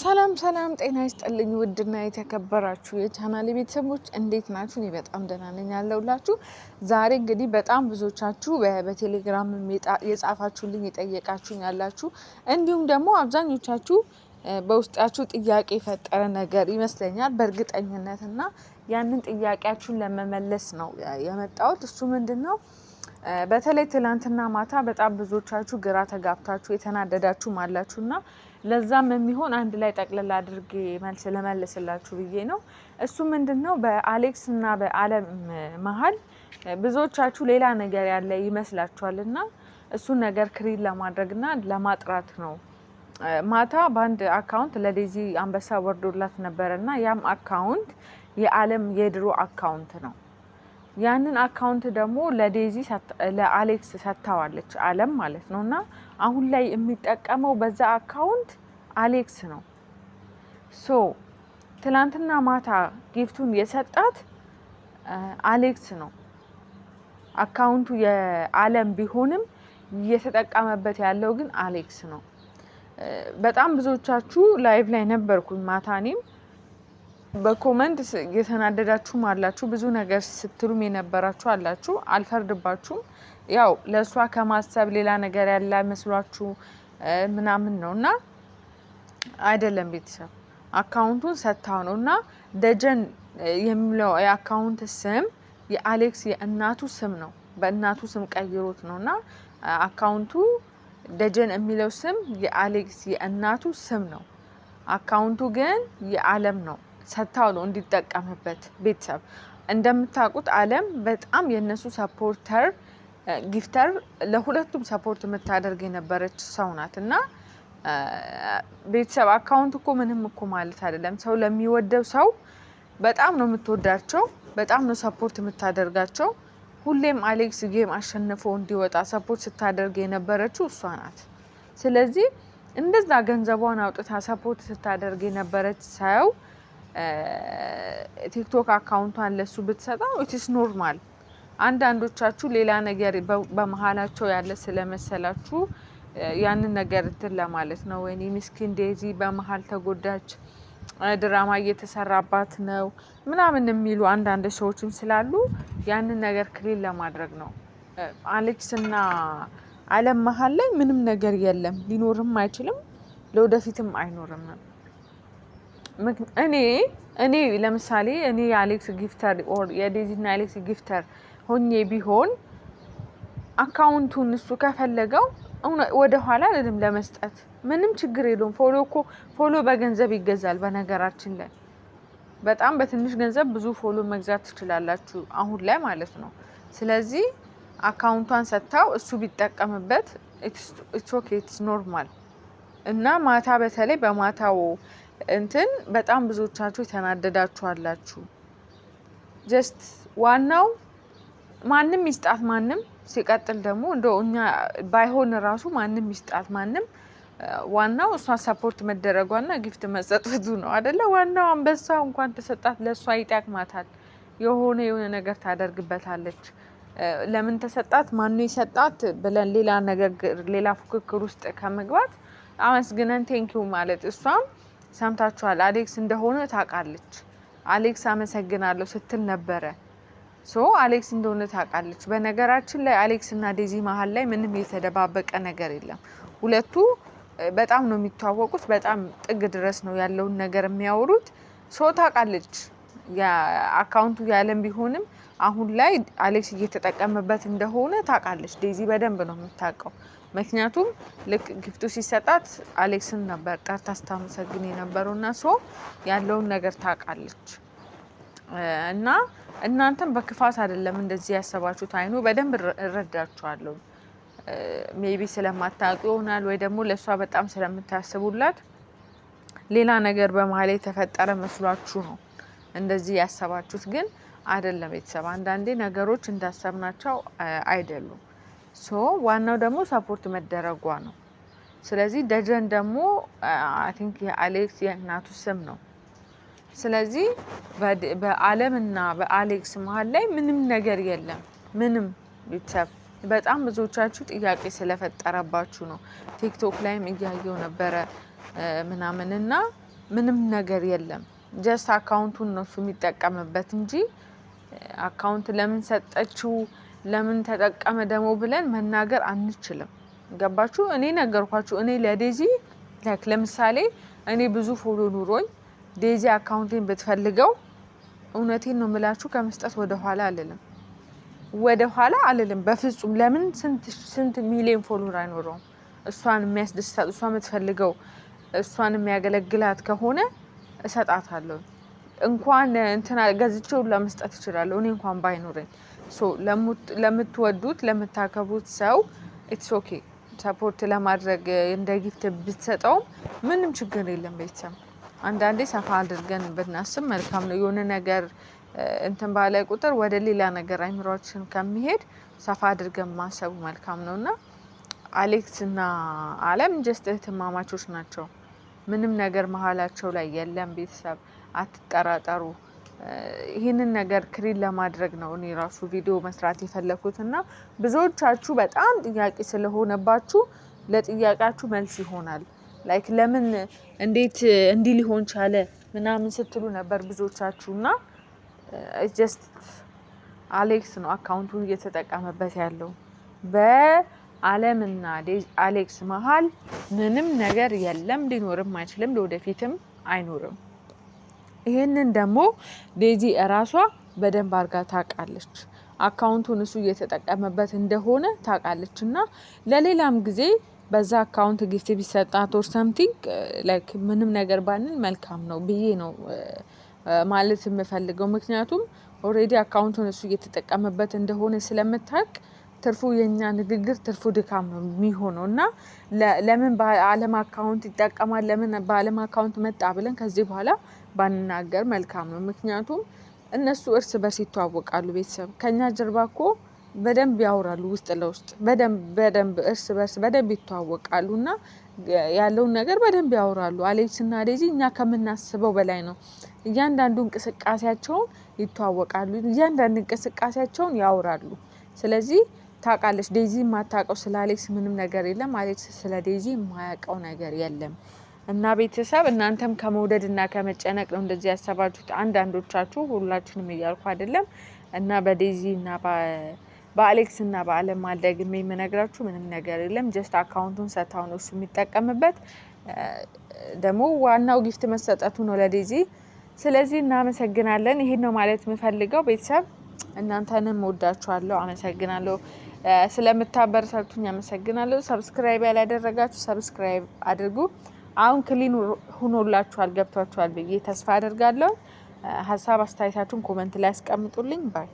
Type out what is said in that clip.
ሰላም ሰላም፣ ጤና ይስጥልኝ ውድና የተከበራችሁ የቻናሌ ቤተሰቦች እንዴት ናችሁ? እኔ በጣም ደህና ነኝ ያለሁላችሁ። ዛሬ እንግዲህ በጣም ብዙዎቻችሁ በቴሌግራም የጻፋችሁልኝ የጠየቃችሁኝ ያላችሁ እንዲሁም ደግሞ አብዛኞቻችሁ በውስጣችሁ ጥያቄ የፈጠረ ነገር ይመስለኛል በእርግጠኝነት እና ያንን ጥያቄያችሁን ለመመለስ ነው የመጣሁት። እሱ ምንድን ነው በተለይ ትላንትና ማታ በጣም ብዙዎቻችሁ ግራ ተጋብታችሁ የተናደዳችሁም አላችሁ አላችሁና ለዛም የሚሆን አንድ ላይ ጠቅልላ አድርጌ መልስ ለመልስላችሁ ብዬ ነው። እሱ ምንድን ነው በአሌክስ እና በአለም መሀል ብዙዎቻችሁ ሌላ ነገር ያለ ይመስላችኋል እና እሱን ነገር ለማድረግ ለማድረግና ለማጥራት ነው። ማታ በአንድ አካውንት ለዴዚ አንበሳ ወርዶላት ነበረ እና ያም አካውንት የአለም የድሮ አካውንት ነው። ያንን አካውንት ደግሞ ለዴዚ ለአሌክስ ሰጥታዋለች፣ አለም ማለት ነው። እና አሁን ላይ የሚጠቀመው በዛ አካውንት አሌክስ ነው። ሶ ትላንትና ማታ ጊፍቱን የሰጣት አሌክስ ነው። አካውንቱ የአለም ቢሆንም እየተጠቀመበት ያለው ግን አሌክስ ነው። በጣም ብዙዎቻችሁ ላይቭ ላይ ነበርኩኝ ማታ እኔም በኮመንት የተናደዳችሁም አላችሁ፣ ብዙ ነገር ስትሉም የነበራችሁ አላችሁ። አልፈርድባችሁም። ያው ለእሷ ከማሰብ ሌላ ነገር ያለ መስሏችሁ ምናምን ነው እና አይደለም ቤተሰብ አካውንቱን ሰጥታው ነው እና ደጀን የሚለው የአካውንት ስም የአሌክስ የእናቱ ስም ነው። በእናቱ ስም ቀይሮት ነው እና አካውንቱ ደጀን የሚለው ስም የአሌክስ የእናቱ ስም ነው። አካውንቱ ግን የአለም ነው። ሰጥታው ነው እንዲጠቀምበት ቤተሰብ። እንደምታውቁት አለም በጣም የእነሱ ሰፖርተር ጊፍተር ለሁለቱም ሰፖርት የምታደርግ የነበረች ሰው ናት እና ቤተሰብ አካውንት እኮ ምንም እኮ ማለት አይደለም። ሰው ለሚወደው ሰው በጣም ነው የምትወዳቸው፣ በጣም ነው ሰፖርት የምታደርጋቸው። ሁሌም አሌክስ ጌም አሸንፎ እንዲወጣ ሰፖርት ስታደርግ የነበረችው እሷ ናት። ስለዚህ እንደዛ ገንዘቧን አውጥታ ሰፖርት ስታደርግ የነበረች ሰው ቲክቶክ አካውንቷን ለሱ ብትሰጠው ኢትስ ኖርማል። አንዳንዶቻችሁ ሌላ ነገር በመሀላቸው ያለ ስለመሰላችሁ ያንን ነገር እንትን ለማለት ነው። ወይኔ ምስኪን ዴዚ በመሀል ተጎዳች፣ ድራማ እየተሰራባት ነው ምናምን የሚሉ አንዳንድ ሰዎችም ስላሉ ያንን ነገር ክሊል ለማድረግ ነው። አሌክስ እና አለም መሀል ላይ ምንም ነገር የለም፣ ሊኖርም አይችልም፣ ለወደፊትም አይኖርም። እኔ እኔ ለምሳሌ እኔ የአሌክስ ጊፍተር ኦር የዴዚና አሌክስ ጊፍተር ሆኜ ቢሆን አካውንቱን እሱ ከፈለገው ወደ ኋላ ልልም ለመስጠት ምንም ችግር የለውም። ፎሎ እኮ ፎሎ በገንዘብ ይገዛል። በነገራችን ላይ በጣም በትንሽ ገንዘብ ብዙ ፎሎ መግዛት ትችላላችሁ፣ አሁን ላይ ማለት ነው። ስለዚህ አካውንቷን ሰጥታው እሱ ቢጠቀምበት ኢትስ ኦኬ ኢትስ ኖርማል እና ማታ በተለይ በማታው እንትን በጣም ብዙዎቻችሁ የተናደዳችኋላችሁ። ጀስት ዋናው ማንም ይስጣት ማንም ሲቀጥል ደግሞ እንደ እኛ ባይሆን ራሱ ማንም ይስጣት ማንም ዋናው እሷ ሰፖርት መደረጓና ጊፍት መሰጠቱ ነው አደለ? ዋናው አንበሳ እንኳን ተሰጣት ለእሷ ይጠቅማታል። የሆነ የሆነ ነገር ታደርግበታለች። ለምን ተሰጣት ማኑ የሰጣት ብለን ሌላ ነገር ሌላ ፉክክር ውስጥ ከመግባት አመስግነን ቴንኪው ማለት እሷም ሰምታችኋል። አሌክስ እንደሆነ ታውቃለች። አሌክስ አመሰግናለሁ ስትል ነበረ። ሶ አሌክስ እንደሆነ ታውቃለች። በነገራችን ላይ አሌክስ እና ዴዚ መሀል ላይ ምንም የተደባበቀ ነገር የለም። ሁለቱ በጣም ነው የሚተዋወቁት። በጣም ጥግ ድረስ ነው ያለውን ነገር የሚያወሩት። ሶ ታውቃለች። አካውንቱ ያለም ቢሆንም አሁን ላይ አሌክስ እየተጠቀመበት እንደሆነ ታውቃለች። ዴዚ በደንብ ነው የምታውቀው። ምክንያቱም ልክ ግፍቱ ሲሰጣት አሌክስን ነበር ጠርታ ስታመሰግን የነበረው እና ሶ ያለውን ነገር ታውቃለች። እና እናንተም በክፋት አይደለም እንደዚህ ያሰባችሁት፣ አይኑ በደንብ እረዳችኋለሁ። ሜቢ ስለማታውቁ ይሆናል ወይ ደግሞ ለእሷ በጣም ስለምታስቡላት ሌላ ነገር በመሀል የተፈጠረ መስሏችሁ ነው እንደዚህ ያሰባችሁት፣ ግን አይደለም ቤተሰብ። አንዳንዴ ነገሮች እንዳሰብናቸው አይደሉም። ሶ ዋናው ደግሞ ሰፖርት መደረጓ ነው። ስለዚህ ደጀን ደግሞ አይ ቲንክ የአሌክስ የእናቱ ስም ነው። ስለዚህ በአለምና በአሌክስ መሀል ላይ ምንም ነገር የለም። ምንም ቤተሰብ በጣም ብዙዎቻችሁ ጥያቄ ስለፈጠረባችሁ ነው። ቲክቶክ ላይም እያየው ነበረ ምናምን እና ምንም ነገር የለም። ጀስት አካውንቱን እነሱ የሚጠቀምበት እንጂ አካውንት ለምን ሰጠችው ለምን ተጠቀመ ደግሞ ብለን መናገር አንችልም። ገባችሁ? እኔ ነገርኳችሁ። እኔ ለዴዚ ላይክ ለምሳሌ እኔ ብዙ ፎሎ ኑሮኝ ዴዚ አካውንቴን ብትፈልገው እውነቴን ነው ምላችሁ ከመስጠት ወደኋላ አልልም፣ ወደኋላ አልልም በፍጹም። ለምን ስንት ሚሊዮን ፎሎር አይኖረውም? እሷን የሚያስደስታት እሷ የምትፈልገው እሷን የሚያገለግላት ከሆነ እሰጣታለሁ። እንኳን እንትና ገዝቼው ለመስጠት እችላለሁ እኔ እንኳን ባይኖረኝ ለምትወዱት ለምታከቡት ሰው ኢትስ ኦኬ ሰፖርት ለማድረግ እንደ ጊፍት ብትሰጠውም ምንም ችግር የለም። ቤተሰብ አንዳንዴ ሰፋ አድርገን ብናስብ መልካም ነው። የሆነ ነገር እንትን ባለ ቁጥር ወደ ሌላ ነገር አይምሯችን ከሚሄድ ሰፋ አድርገን ማሰቡ መልካም ነው እና አሌክስ እና አለም ጀስት እህትማማቾች ናቸው። ምንም ነገር መሀላቸው ላይ የለም። ቤተሰብ አትጠራጠሩ። ይህንን ነገር ክሪን ለማድረግ ነው እኔ ራሱ ቪዲዮ መስራት የፈለኩት እና ብዙዎቻችሁ በጣም ጥያቄ ስለሆነባችሁ ለጥያቄያችሁ መልስ ይሆናል። ላይክ ለምን እንዴት እንዲህ ሊሆን ቻለ ምናምን ስትሉ ነበር ብዙዎቻችሁ እና ጀስት አሌክስ ነው አካውንቱን እየተጠቀመበት ያለው በአለምና አሌክስ መሀል ምንም ነገር የለም፣ ሊኖርም አይችልም፣ ለወደፊትም አይኖርም። ይሄንን ደግሞ ዴዚ እራሷ በደንብ አርጋ ታውቃለች። አካውንቱን እሱ እየተጠቀመበት እንደሆነ ታውቃለች። እና ለሌላም ጊዜ በዛ አካውንት ጊፍት ቢሰጣት ኦር ሰምቲንግ ላይክ ምንም ነገር ባንን መልካም ነው ብዬ ነው ማለት የምፈልገው። ምክንያቱም ኦልሬዲ አካውንቱን እሱ እየተጠቀመበት እንደሆነ ስለምታውቅ ትርፉ የኛ ንግግር ትርፉ ድካም ነው የሚሆነው እና ለምን በአለም አካውንት ይጠቀማል፣ ለምን በአለም አካውንት መጣ ብለን ከዚህ በኋላ ባንናገር መልካም ነው። ምክንያቱም እነሱ እርስ በርስ ይተዋወቃሉ። ቤተሰብ ከኛ ጀርባ እኮ በደንብ ያወራሉ። ውስጥ ለውስጥ በደንብ በደንብ እርስ በርስ በደንብ ይተዋወቃሉ እና ያለውን ነገር በደንብ ያወራሉ። አሌክስና ዴዚ እኛ ከምናስበው በላይ ነው። እያንዳንዱ እንቅስቃሴያቸውን ይተዋወቃሉ። እያንዳንድ እንቅስቃሴያቸውን ያወራሉ። ስለዚህ ታውቃለች። ዴዚ የማታውቀው ስለ አሌክስ ምንም ነገር የለም። አሌክስ ስለ ዴዚ የማያውቀው ነገር የለም። እና ቤተሰብ እናንተም ከመውደድ እና ከመጨነቅ ነው እንደዚህ ያሰባችሁት፣ አንዳንዶቻችሁ፣ ሁላችሁንም እያልኩ አይደለም። እና በዴዚ እና በአሌክስ እና በአለም ማድረግ የምነግራችሁ ምንም ነገር የለም። ጀስት አካውንቱን ሰታው ነው እሱ የሚጠቀምበት። ደግሞ ዋናው ጊፍት መሰጠቱ ነው ለዴዚ። ስለዚህ እናመሰግናለን። ይሄን ነው ማለት የምፈልገው ቤተሰብ። እናንተንም ወዳችኋለሁ። አመሰግናለሁ። ስለምታበረታቱኝ አመሰግናለሁ። ሰብስክራይብ ያላደረጋችሁ ሰብስክራይብ አድርጉ። አሁን ክሊን ሁኖላችኋል ገብቷችኋል ብዬ ተስፋ አደርጋለሁ። ሀሳብ አስተያየታችሁን ኮመንት ላይ አስቀምጡልኝ ባይ